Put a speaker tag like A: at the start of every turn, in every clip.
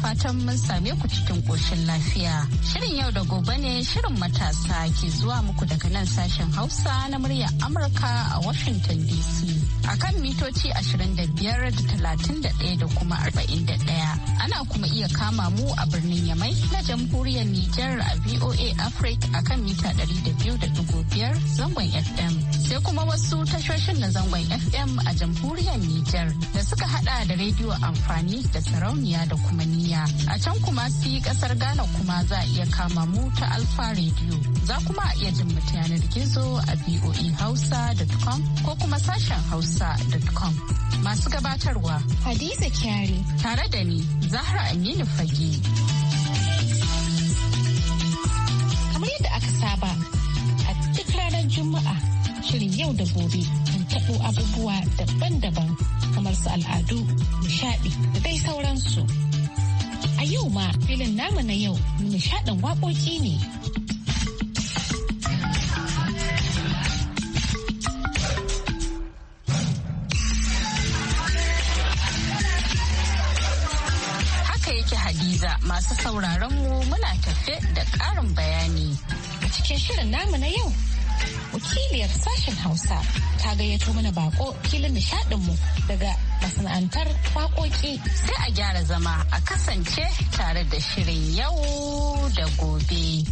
A: fatan mun same ku cikin ƙoshin lafiya. Shirin yau da gobe ne shirin matasa ke zuwa muku daga nan sashen Hausa na muryar Amurka a Washington DC. A kan mitoci 25 da 31 da kuma 41. Ana kuma iya kama mu a birnin Yamai na jamhuriyar Nijar a VOA Africa a kan mita 200.5 zangon FM. sai kuma wasu tashoshin na zangon FM a jamhuriyar Nijar da suka hada da rediyo amfani da sarauniya da kuma niya. A can kuma yi kasar Ghana kuma za a iya kama mu ta Alfa rediyo Za kuma a iya jin mutu yanar gizo a voehausa.com ko kuma sashen hausa.com. Masu gabatarwa Hadiza Kyari tare da ni Zahra Aminu Fage. yau da gobe kan taɓo abubuwa daban-daban kamar su al'adu, nishaɗi da dai sauransu. A yau ma filin namu na yau nishaɗin waƙoƙi ne. Hadiza masu sauraron mu muna tafe da ƙarin bayani. A cikin shirin namu na yau wakiliyar sashen hausa ta gayyato mana bako filin nishadinmu daga masana'antar waƙoƙi sai a gyara zama a kasance tare da shirin yau da gobe.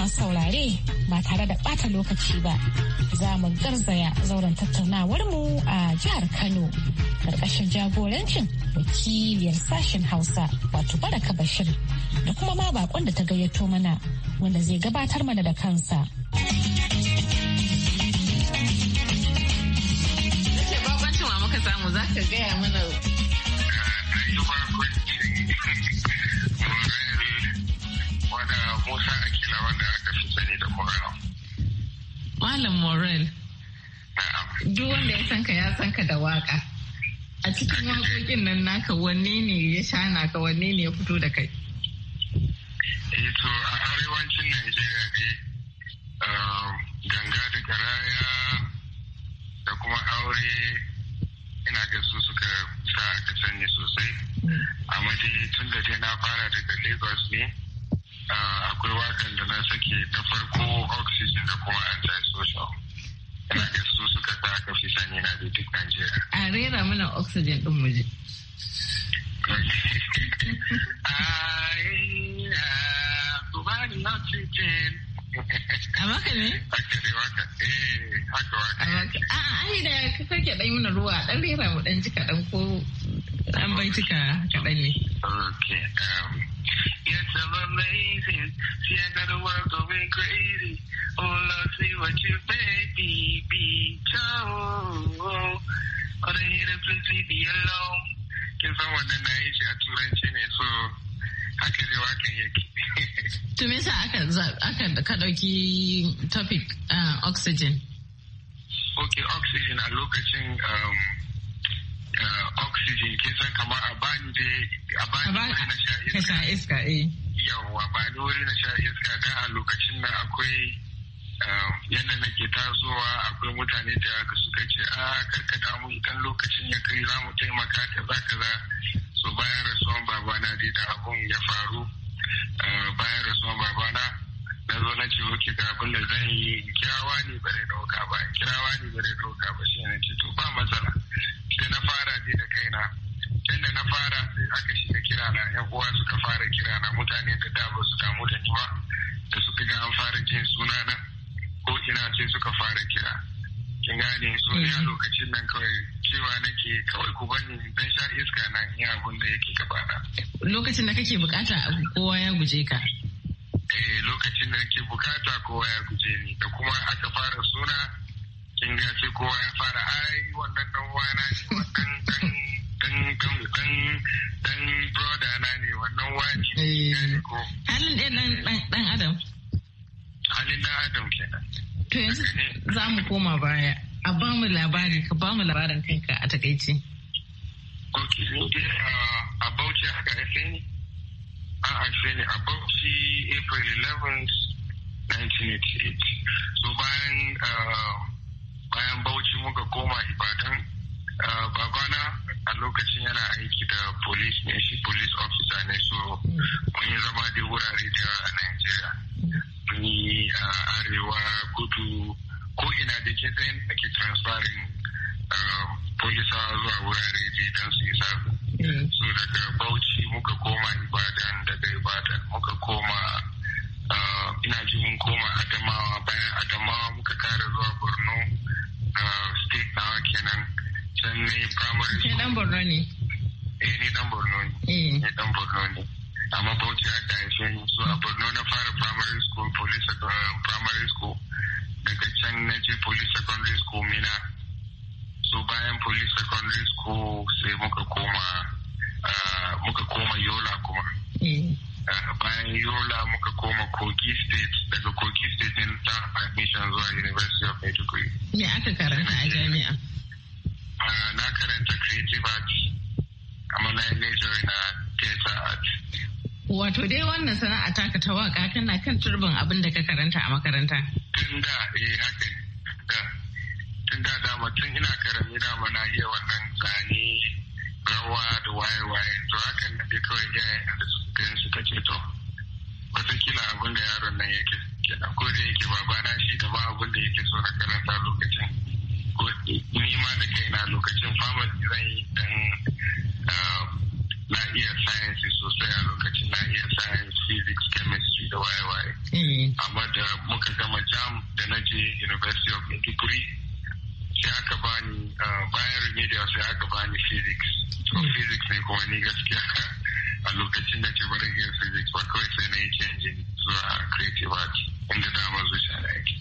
A: masu saurare ba tare da ɓata lokaci ba za mu garzaya zauren mu a jihar Kano ƙarƙashin jagorancin wakiliyar sashen Hausa wato Baraka Bashir da kuma ma bakon da ta gayyato mana wanda zai gabatar mana da kansa. Nace
B: bakoncin wa muka samu zaka gaya mana.
C: Musa Akila wanda aka fi sani
B: da Morel. Malam Morel. Duk wanda ya sanka ya sanka da waka. A cikin waƙoƙin nan naka wanne ne ya sha naka wanne ne ya fito da kai?
C: Eh, to a arewacin Najeriya ne um, ganga da garaya da kuma aure ina ga su suka sa aka sani sosai. Mm. Amma dai tun da dai na fara daga Lagos ne. Ah, akwai wakan da na sake na farko oxygen da kuma antisocial ina ga su suka sa aka fi sani na da duk Najeriya.
B: A rera mana oxygen din muje.
D: A maka ne? Haka ne waka. Eh, haka waka. A
B: ah, ai da ka sake ɗan yi mana ruwa ɗan rera mu ɗan ji kaɗan ko Dan baituka kaɗan ne. Okay. Um, yes, I'm
D: amazing. See, I got the world going crazy.
C: Oh, Lord, see what you baby be. Ciao. Oh, they hear the please leave me alone. Kin san wannan na yi shi a turanci ne so haka
B: je wakan yake. To me can. aka ka ɗauki topic uh, oxygen?
C: Okay, oxygen a lokacin um, oxygen kin san kamar a bani da a bani na sha iska yawa ba ni wuri na sha iska dan a lokacin nan akwai um, yadda nake tasowa akwai mutane da aka suka ce a karkata mu idan lokacin ya kai za mu taimaka ta za ka za so bayan rasuwan babana dai da abun ya faru uh, bayan rasuwan babana na zo na ce oke ga abin da zan yi kirawa ne bare zai ɗauka ba kirawa ne bare zai ɗauka ba shi ne ce to ba matsala sai na fara dai da kaina tunda na fara sai aka shiga kirana yan uwa suka fara kirana mutane da da ba su damu da ni ba da suka ga an fara jin sunana ko ina sai suka fara kira kin gane so ne a mm-hmm. lokacin nan kawai cewa nake kawai ku bani dan sha iska na in abun da yake gabana
B: lokacin da kake bukata kowa ya guje ka
C: Eh, lokacin da ake bukata kowa ya guje ni da kuma aka fara suna kin ga sai kowa ya fara ai wannan dan wana ne wannan dan dan dan dan dan brother na
B: ne wannan wani eh. ko halin dan dan dan adam
D: halin dan adam kenan
C: to yanzu
B: za mu koma baya a ba mu labari ka ba mu labarin kanka a takaice
C: ok ah, a bauchi aka ne an haife ni a Bauchi April 11 1988 so bayan uh, bayan Bauchi muka koma Ibadan uh, babana a lokacin yana aiki da police ne shi police officer ne so
D: mun
C: yi zama da wurare da a Nigeria
D: mun yi
C: uh, arewa kudu ko ina da kin ake transferring polisa zuwa wurare biyu don su yi sabu. Mm. So daga Bauchi muka koma Ibadan daga Ibadan muka koma uh, ina ji mun koma Adamawa bayan Adamawa muka kara zuwa Borno uh, state nawa kenan can ne primary school. Kenan Borno ne? Eh ni dan Borno ne. Mm. Ni dan Borno ne. Amma Bauchi aka haife ni so a Borno na fara primary school police uh, primary school daga can na je police secondary school mina. so bayan police secondary school sai muka koma muka koma yola kuma eh. bayan yola muka koma kogi state daga kogi state in ta admission zuwa university of maiduguri
B: me aka karanta a jami'a
C: na karanta creative arts amma na yi major na theater arts
B: Wato dai wannan sana'a taka ta waka kana kan turbin abin da ka karanta a makaranta.
C: Tun da eh haka dama tun ina karami da na iya wannan zane rawa da waye-waye to hakan na dai kawai iyayen da suka suka ce to watakila abin da yaron nan yake kenan ko da yake babana shi da ba abin da yake so na karanta lokacin ko ni ma da kai na lokacin famasi zan yi dan ah, na iya science sosai a lokacin na iya science physics chemistry da waye-waye mm. amma da muka gama jam da na je university of maiduguri sai aka bani bayan remedial sai aka bani physics so hmm. physics ne kuma ni gaskiya a lokacin da ke barin yin physics ba kawai sai na yi canjin zuwa creative art inda da ma zuciya na yake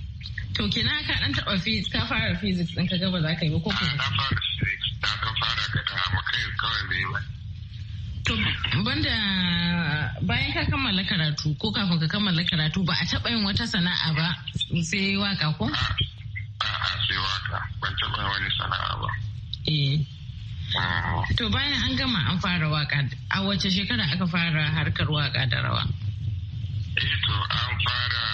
B: to kenan ka dan taba physics ka fara physics din ka ga za ka yi ba ko kuma na
C: fara
D: physics na kan fara ka ta amma kai kawai bai ba
B: to banda bayan ka kammala karatu ko kafin ka kammala karatu ba a taba yin wata sana'a ba sai waka ko a'a
C: wani sana'a ba. Eh. Ah.
B: To bayan an gama an fara waka a wace shekara aka fara harkar waka da rawa?
C: Eh to an fara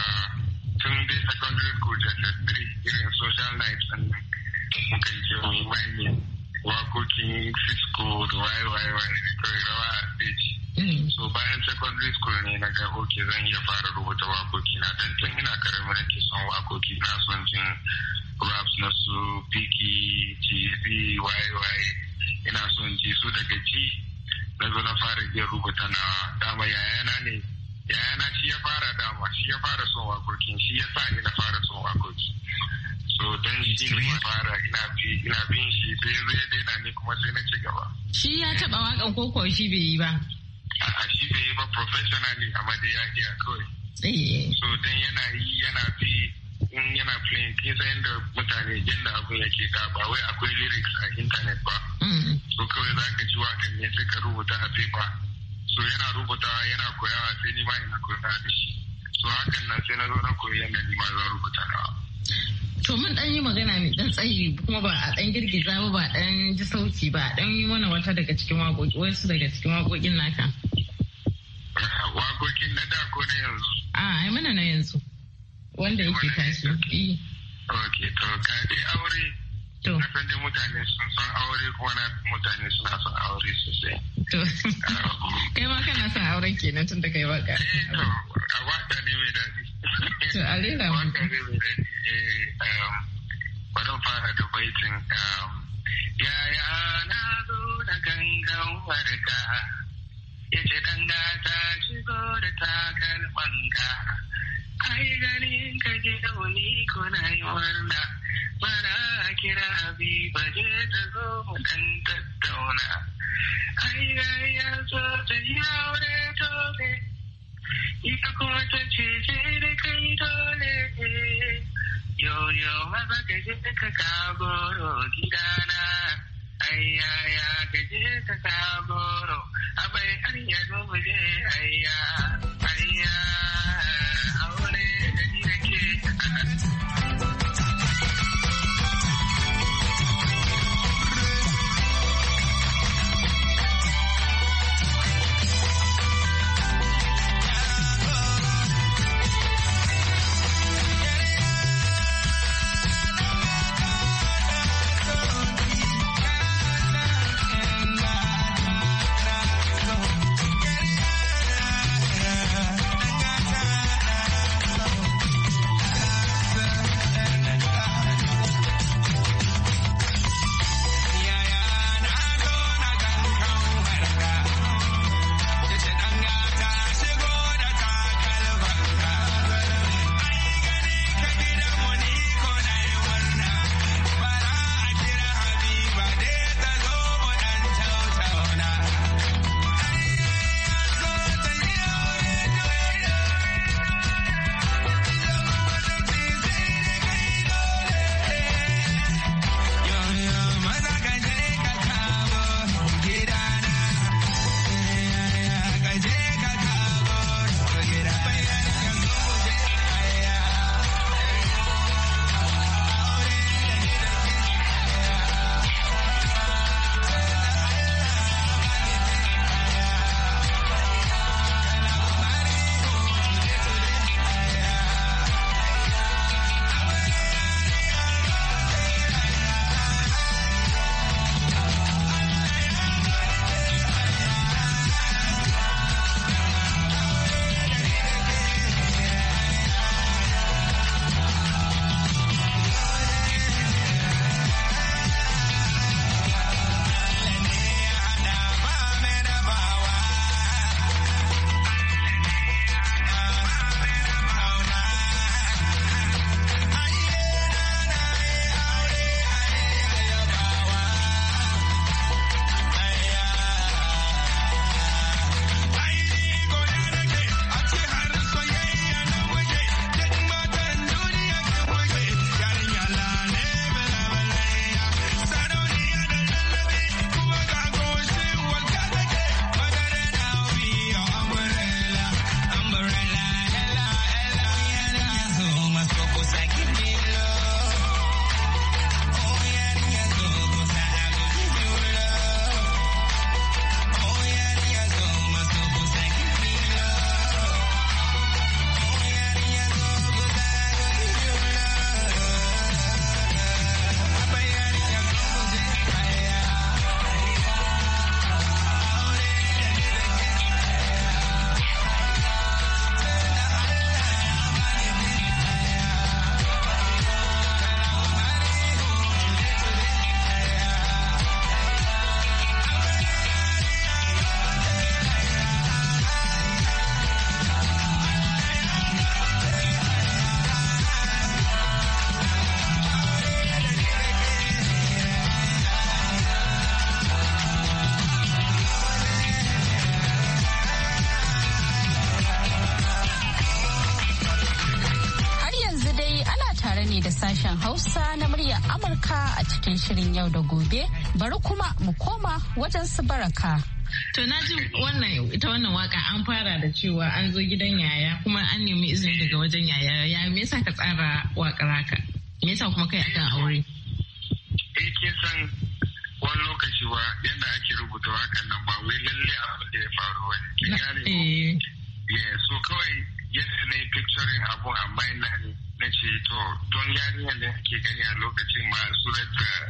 C: tun dai secondary school da three irin social life sannan muka je mu mai mining wakokin fisko da wayewayewa da kawai rawa a stage so bayan secondary school ne na ga oke zan iya fara rubuta wakoki na dan tun ina karami nake son wakoki na son jin raps na su piki gb yy ina son ji su daga ji na zo na fara iya rubuta na dama yayana ne yayana shi ya fara dama shi ya fara son wakokin shi ya sa ina fara son wakoki so don shi ne ya fara ina bi ina bin shi sai zai daina ni kuma sai na ci gaba shi ya taba
B: wakan koko shi bai yi ba
C: a shi bai yi ba professionally amma dai ya iya kawai eh. so dan yana yi yana bi in yana playing kin san da mutane yadda abun yake da ba wai akwai lyrics a internet ba mm. so kawai za ka ji wakan ne sai ka rubuta a paper so yana rubutawa yana koyawa sai ni ma ina koyawa da shi so hakan nan sai na zo na koyi yadda ni ma
D: zan rubuta nawa
B: To mun dan yi magana ne dan tsayi kuma ba a dan girgiza ba ba dan ji sauti ba dan yi mana wata daga cikin waƙoƙi wasu daga cikin waƙoƙin naka.
D: waƙoƙin na da ko na yanzu
B: a ai mana na yanzu wanda yake tashi e.
C: ok to ka dai aure to na san dai mutane sun san aure kuma na mutane suna son aure sosai to
B: kai ma kana son aure kenan tun da kai waka eh to a waka ne mai daɗi to a rera mu waka ne mai daɗi
C: eh um, bari fara da baitin um, yaya na zo na gangan warka
A: shirin yau da gobe bari kuma mu koma wajen su baraka.
B: To na ji wannan ita wannan waka an fara da cewa an zo gidan yaya kuma an nemi izini daga wajen yaya ya me yasa ka tsara wakar haka me yasa kuma kai akan aure.
D: Eh kin san
C: wani lokaci wa yadda ake rubuta wakan nan ba wai lalle abin da ya faru ne
D: eh. Yeah, so kawai yadda na yi
C: picture abun amma ina ne na ce to don yarinya da ke gani a lokacin ma surar da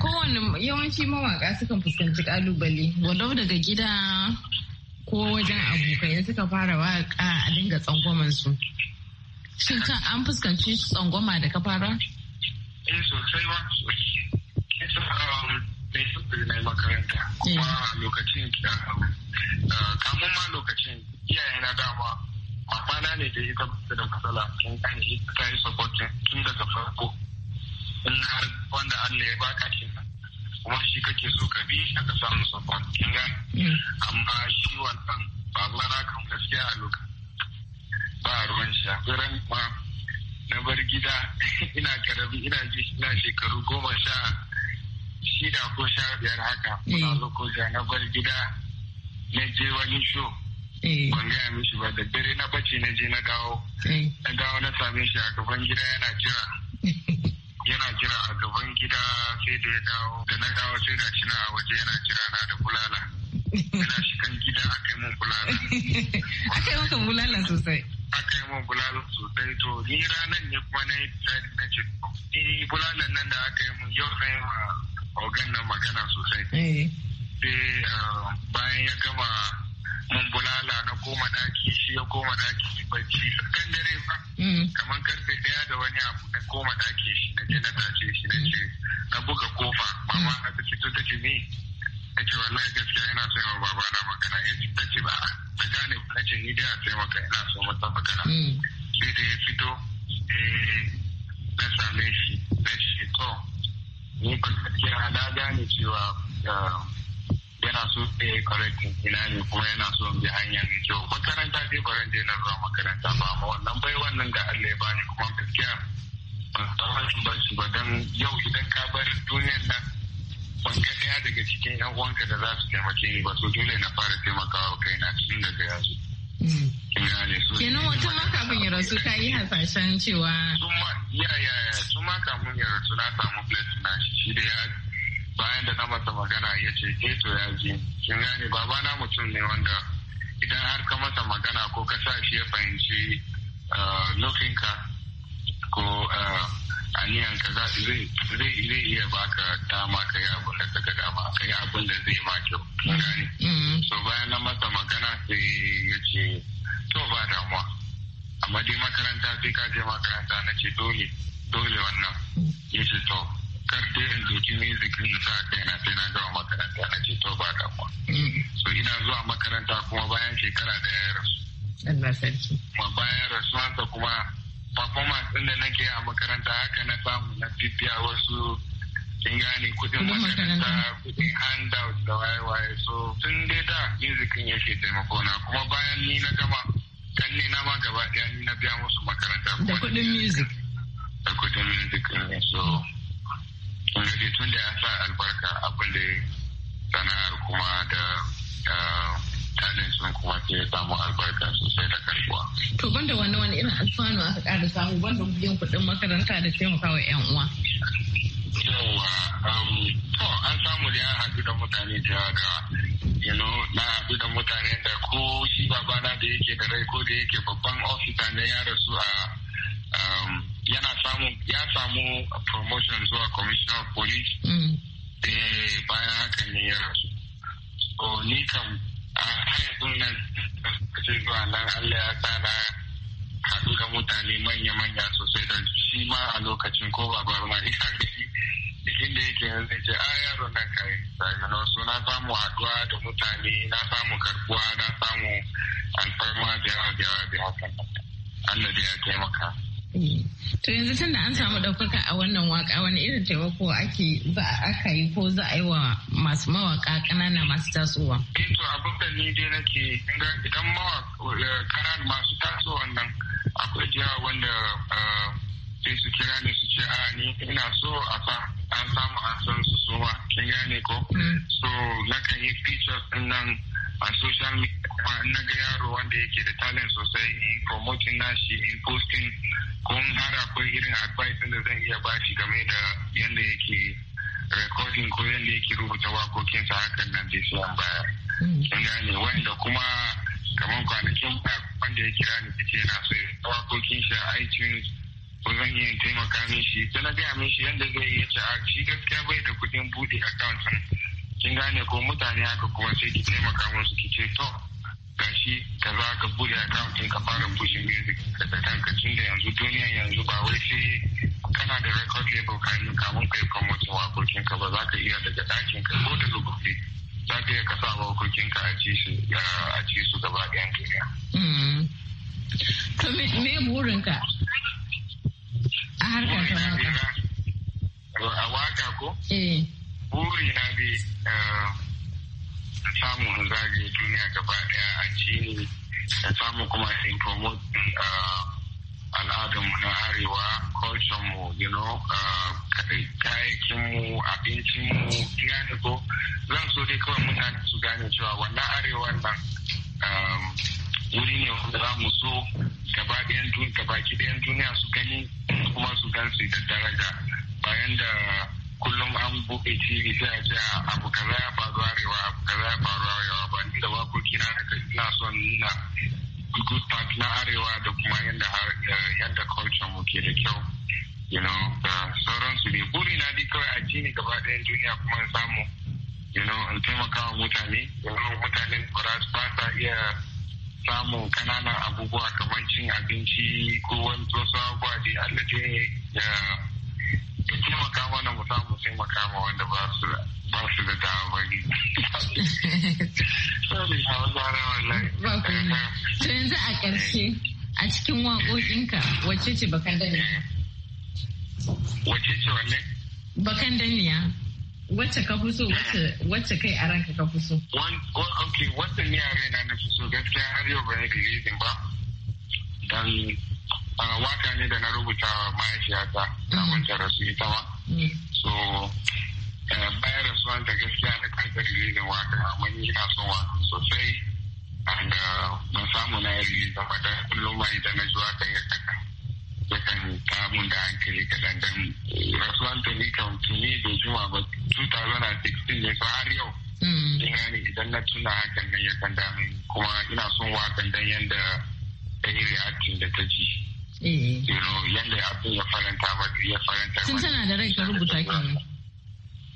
B: kowane yawanci mawaka sukan fuskanci kalubale walau daga gida ko wajen abokai suka fara waka a dinga tsangwaman su shin kan an fuskanci su tsangwama da ka fara
C: eh sosai ba sai um, na makaranta eh. kuma lokacin um, uh, kamun ma lokacin iyaye na dama mamana ne da ita da matsala sun kan yi ta yi tun daga farko in har wanda Allah ya baka kenan kuma shi kake so ka bi aka samu sabon kin ga amma shi wannan baba na kan gaskiya a lokacin ba ruwan shi akwai ran ma na bar gida ina karami ina ji ina shekaru goma sha shida ko sha biyar haka kuna mm. lokoja na bar gida na je wani show mm. ban gaya mishi ba da dare na bace na je na dawo mm. na dawo na same shi a gaban gida yana jira ya dawo da na dawo sai ga shi na a waje yana kira na da bulala yana kan gida a kai mun bulala
B: a kai maka bulala sosai a kai mun bulala sosai to ni
C: ranar ne kuma na yi tsari na ce ni eh, bulalan nan da aka yi mun yau zan yi ma ogan nan magana sosai eh. sai ah, bayan ya gama mun bulala na koma daki shi ya koma daki bacci kan dare ba mm. kamar karfe daya da wani abu na koma daki shi na je na tace shi na
D: ce na buga kofa mama na ta fito ta ce ni na ce
C: wallahi gaskiya ina son yawa baba na magana ya ce ta ce ba ta gane ba na ce ni dai a taimaka ina so mata magana mm. sai da ya fito eh, na same shi na shi to ni ba gaskiya na gane cewa eh, yana so ya eh, yi correcting ina ne kuma yana so bi hanya mai kyau makaranta dai baran da yana zuwa makaranta ba amma wannan bai wannan da Allah ya bani kuma gaskiya ban san ba shi ba don yau idan ka bar duniyar nan ban ga daya daga cikin yan uwanka da za su taimake ni ba so dole na fara taimakawa kaina tun daga yanzu
D: mm.
B: kenan wata maka bin ya rasu ka yi hasashen cewa
C: ya ya ya su maka mun ya rasu na samu plate na shi shi da ya bayan da na masa magana ya ce ke eh, to ya ji kin gane babana mutum ne wanda idan har ka masa magana ko ka sa shi ya fahimci ah, ka ko ah, aniyanka zai iya baka dama ka yi abin da ka dama ka yi abin da zai ma kyau gane mm-hmm. so bayan na masa magana sai ya ce to ba damuwa amma dai makaranta sai ka je makaranta na ce dole dole wannan ya ce to karfe da in doki music ɗin sa kaina sai na gama makaranta na ce to ba kuma. so ina zuwa makaranta kuma bayan shekara da ya rasu
B: Allah sarki
C: kuma bayan rasuwansa kuma performance ɗin da nake a makaranta haka na samu na bibiya wasu kin gane kudin makaranta kudin handout da waye-waye so tun dai da ya yake taimako na kuma bayan ni na gama kan ne na ma gaba ɗaya ni na biya musu makaranta
D: da kudin music
C: da kudin music so wanda dai tun da ya sa albarka abin da sana'ar kuma da talin sun kuma ke samu albarka sosai da karbuwa.
B: To banda wani wani irin alfanu aka ƙara samu banda biyan kuɗin makaranta da taimakawa 'yan uwa.
C: Yawwa, um, to an samu da ya haɗu da mutane da yawa na haɗu da mutane da ko shi babana da yake da rai ko da yake babban ofisa ne ya rasu a Um, yana samu ya samu promotion zuwa commissioner of police sai mm. eh, bayan hakan ne ya rasu so ni kam a haifin nan kace zuwa nan Allah ya sa na haɗu da mutane manya-manya sosai da shi ma a lokacin ko ba ma shi gaji da yake yanzu ce a yaro nan kai na so na samu haɗuwa da mutane na samu karbuwa na samu alfarma da yawa da yawa hakan Allah da ya taimaka.
B: To yanzu tunda an samu ɗaukaka a wannan waka wani irin taimako ake za aka yi ko za a yi wa masu mawaka ƙanana masu tasowa.
C: Eh to abin da ni dai nake idan mawaka eh, masu tasowa nan akwai jiya wanda eh, sai su kira ne su ce a ni ina so a fa an samu an san su suwa kin gane ko. Mm. So na kan yi features ɗin nan a social media kuma na ga yaro wanda yake da talent sosai in promoting nashi in posting kun har akwai irin advice da zan iya bashi game da yanda yake recording ko yanda yake rubuta wakokinsa hakan nan da shi an baya
D: kin gane wanda
C: kuma kamar kwanakin ba wanda ya kira ni ta na yana so ya wakokin shi a iTunes ko zan iya taimaka mishi ta na gaya mishi yadda zai iya ci a ci gaskiya bai da kuɗin buɗe account kin gane ko mutane haka kuma sai ki taimaka musu ki ce to gashi za ka kan account ka fara pushing music ka da kanka tun da yanzu duniya yanzu ba wai sai kana da record label kamin kamun kai promoting wakokin ka ba za ka iya daga ɗakin ka ko daga gobe za ka iya kasa wakokin ka a ci su a ci su gaba ɗayan duniya.
B: Hmm. To me burin ka? A
C: harkar
D: ta waka.
C: A waka ko? Eh. buri eh, na bi samun zagaye duniya gaba daya a jini da samu kuma in eh, al'adun al'adarmu na arewa culture mu you know eh, kayayyakin mu abincin mu gane ko zan so dai kawai mutane su gane cewa wannan arewa nan wuri ne wanda za mu so gaba ɗayan duniya su gani kuma su gan da daraja bayan da kullum an buɗe tv sai a ce abu kaza ya faru arewa abu kaza ya faru arewa ba ni da wakoki na haka ina son nuna good part na arewa da kuma yadda eh, yadda culture mu ke da kyau you know da sauransu ne buri na dai kawai a ji ne gaba ɗayan duniya kuma in samu you know in taimaka wa mutane you know mutanen ba sa iya samun kananan abubuwa kamar cin abinci ko wani wasu abubuwa da Allah eh, ya ya taimaka mana mu samu taimaka ma wanda ba su ba su da dama ba
D: ne.
C: Sorry,
B: To yanzu a ƙarshe a cikin waƙoƙinka wacce ce bakan daniya?
D: Wacce ce wanne?
B: Bakan daniya. Wacce ka fi so wacce kai a ranka ka fi so?
C: Ok, wacce ni a raina na fi so gaskiya har yau ba ne da ba. Dan waka ne da na rubuta mahaifiyata na manta mm. rasu ita ma mm. so eh, bayan rasuwan ta gaskiya da kanta da waka mun yi kasuwa sosai. sosai da eh, samu na yari da kullum ma idan na zuwa waka ya kan yakan mun da hankali kaɗan don rasuwan ta ni kan tuni da juma ba 2016 ne so har yau
D: mm. ina
C: idan na tuna hakan nan yakan damu kuma ina son wakan don yadda ta yi da ta ji Eh. yadda abin ya faranta ba ya faranta tun tana
B: da rai ka rubuta kenan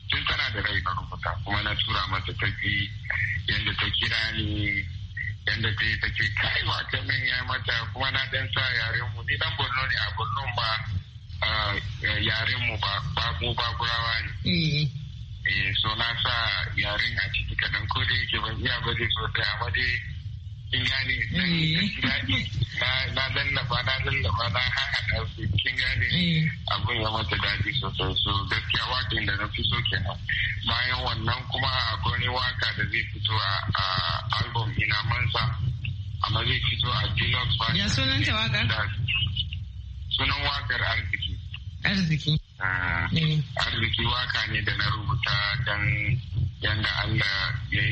C: tun tana da rai na rubuta kuma na tura mata ta ji yadda ta kira ni yadda ta yi ta ce kai ta min ya mata kuma na dan sa yaren mu ni dan borno ne a borno ba yaren mu ba mu ba burawa ne eh. Eh, so na sa yaren a ciki kadan ko da yake ban iya ba dai sosai amma dai kin gane
D: dan eh. daɗi
C: na lallafa na lallafa na haɗa su kin gane
D: eh.
C: Abun ya mata daɗi sosai so gaskiya waƙin da na fi so kenan bayan wannan kuma akwai waka da zai fito a album ina mansa amma zai fito a deluxe version ya sunan ta wakar sunan wakar arziki
D: arziki arziki ah. waka ne da na rubuta
C: don yadda Allah ya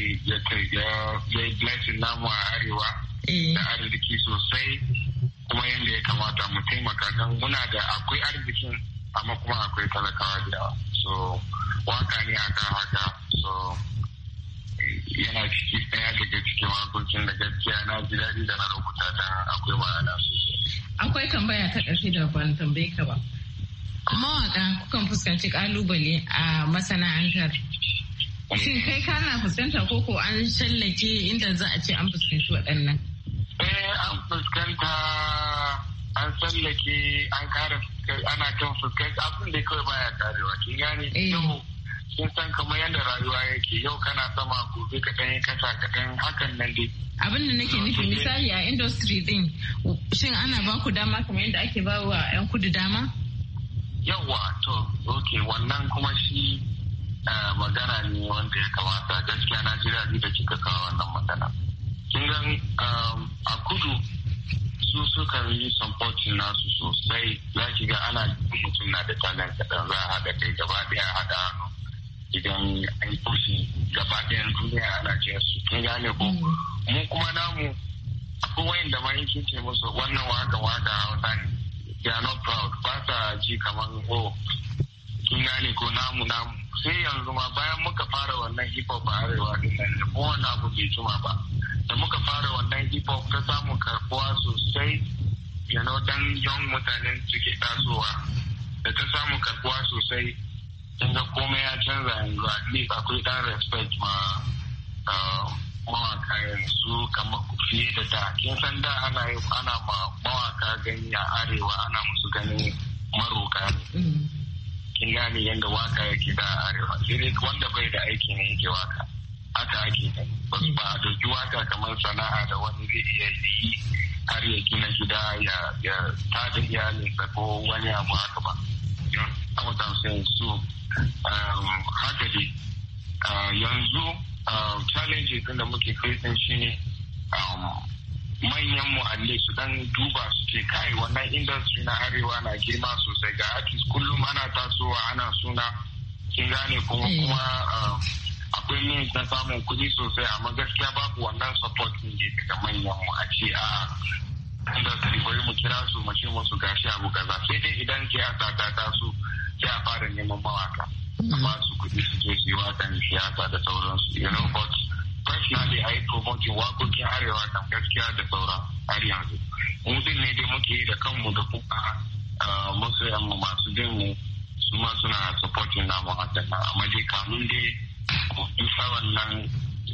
C: yi blessing namu a arewa eh. da arziki sosai kuma yadda ya kamata mu taimaka don muna da akwai arzikin amma kuma akwai talakawa da yawa so waka ne a kan haka so yana ciki ɗaya daga cikin wakokin da gaskiya na ji daɗi da na rubuta don akwai ma'ana
D: sosai
B: akwai tambaya ta ƙarfi da ban tambaye ka ba mawaka kan fuskanci kalubale a masana'antar shin kai kana fuskanta ko an shallake inda za a ce an fuskanci waɗannan
C: eh an fuskanta an tsallake an kare ana kan fuskanta abin da kawai baya karewa kin gane eh. yau sun san kamar yadda rayuwa yake yau kana sama gobe ka ɗanyi kasa kaɗan hakan nan dai.
B: Abin da nake nufi misali a industry din shin ana ba ku dama kamar yadda ake ba wa 'yan kudu dama?
C: yawa to ok wannan kuma shi eh, magana ne wanda ya kamata gaskiya na ji daɗi da kika kawo wannan magana kin gan um, a kudu su suka yi supporting nasu sosai za ki ga ana mutum na da talent kaɗan za a haɗa kai gaba ɗaya haɗa hannu idan an kushi gaba ɗayan duniya ana jiya su kin gane ko mm. mu kuma namu akwai wayan da ma yankin ce musu wannan waka waka hausa ne they are not proud ba sa ji kamar oh kin gane ko namu namu sai yanzu ma bayan muka fara wannan hip hop a arewa da kuma wani abu bai juma ba da muka fara wannan hip hop ta samu karbuwa sosai you know dan young mutanen suke tasowa da ta samu karbuwa sosai kin ga komai ya canza yanzu at least akwai dan respect ma um, mawaka yanzu kamar fiye da da kin san da ana yi ana ma mawaka gani a arewa ana musu ganin maroka ne kin gane yadda waka yake da arewa sai wanda bai da aiki ne yake waka haka
D: ake gani
C: ba a doki waka kamar sana'a da wani zai iya yi har ya gina gida ya tada iyalinsa ko wani abu haka ba kamar su um, haka dai uh, yanzu Um, challenges din da muke facing shine um, manyan muhalli su dan duba su ke kai wannan industry na arewa na girma sosai ga artist kullum ana tasowa ana suna kin gane eh. kuma kuma akwai means na samun kuɗi sosai amma gaskiya babu wannan support din da daga manyan mu a ce a industry bari mu kira su mu ce musu gashi abu kaza sai dai idan ke siyasa ta tasu sai a fara neman mawaka Masu su kuɗi su je su yi siyasa da sauransu you know but personally I promote wakokin arewa kan gaskiya da sauran har yanzu mu din ne dai muke da kanmu da musu uh, masu yamma masu bin mu su ma suna supporting namu hakan amma dai kamun dai sa wannan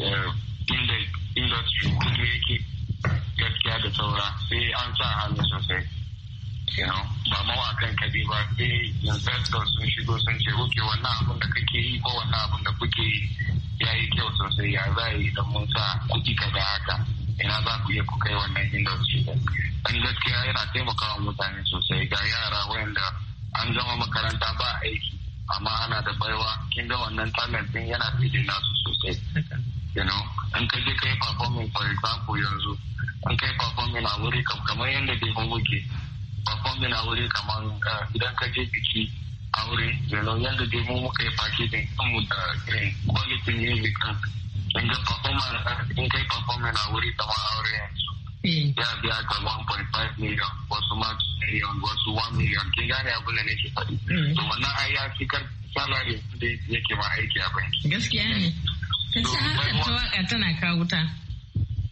C: uh, industry kudu yake gaskiya da saura sai an sa hannu sosai you know ba mawakan kaɗai ba sai eh, investors sun shigo sun ce oke wannan abin da kake yi ko wannan abin da kuke yi ya yi kyau sosai ya za yi idan mun sa kuɗi kaza haka ina za ku iya ku kai wannan industry din dan gaskiya yana taimakawa mutane sosai ga yara wayanda an gama makaranta ba aiki amma ana da baiwa kin ga wannan talent din yana fide nasu sosai you know in ka je performing for example yanzu in kai performing a wuri kamar yadda dai muke babban performing aure kamar eh, idan ka je biki aure yanzu yadda dai mu muka yi fashe packaging kanmu da irin quality music in ga performance in kai performance wuri kamar aure yanzu ya eh. biya ka 1.5 million wasu ma million wasu 1 million kin gane abin da nake faɗi mm. to wannan ai ya fi kar salary da yake ma aiki a banki gaskiya ne ta ci harkar tana kawo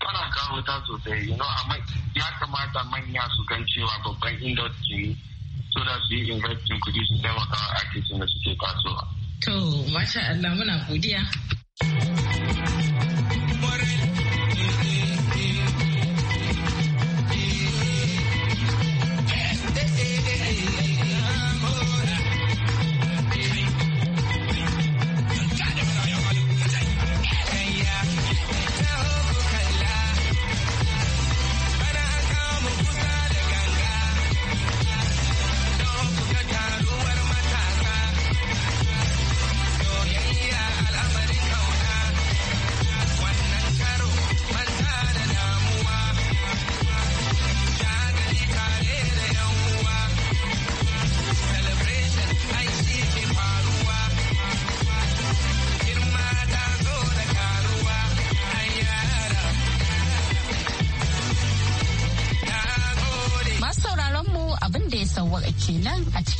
C: ana kawo ta sosai you know amma ya kamata manya su gan cewa babban industry so da su yi investing kudi su taimaka a artists da suke tasowa.
B: To, masha Allah muna godiya.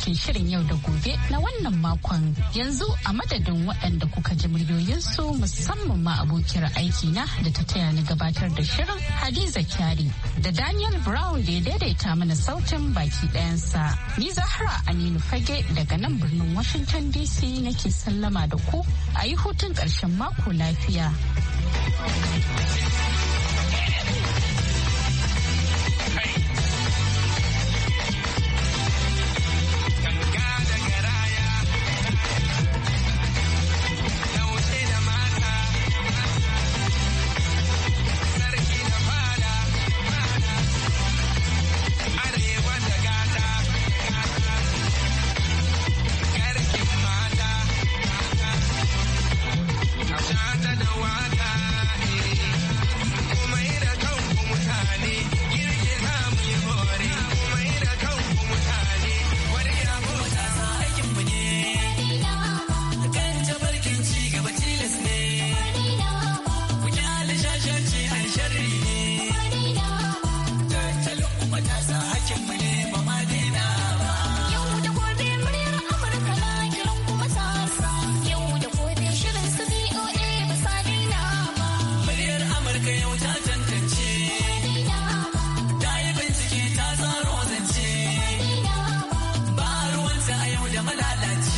A: cikin shirin yau da gobe na wannan makon yanzu a madadin waɗanda kuka ji muryoyinsu musamman ma abokiyar aikina da ta taya ni gabatar da shirin hadiza kyari da daniel brown da ya daidaita mana sautin baki ɗayansa ni zahra aminu fage daga nan birnin washington dc nake sallama da ku a yi hutun ƙarshen mako lafiya.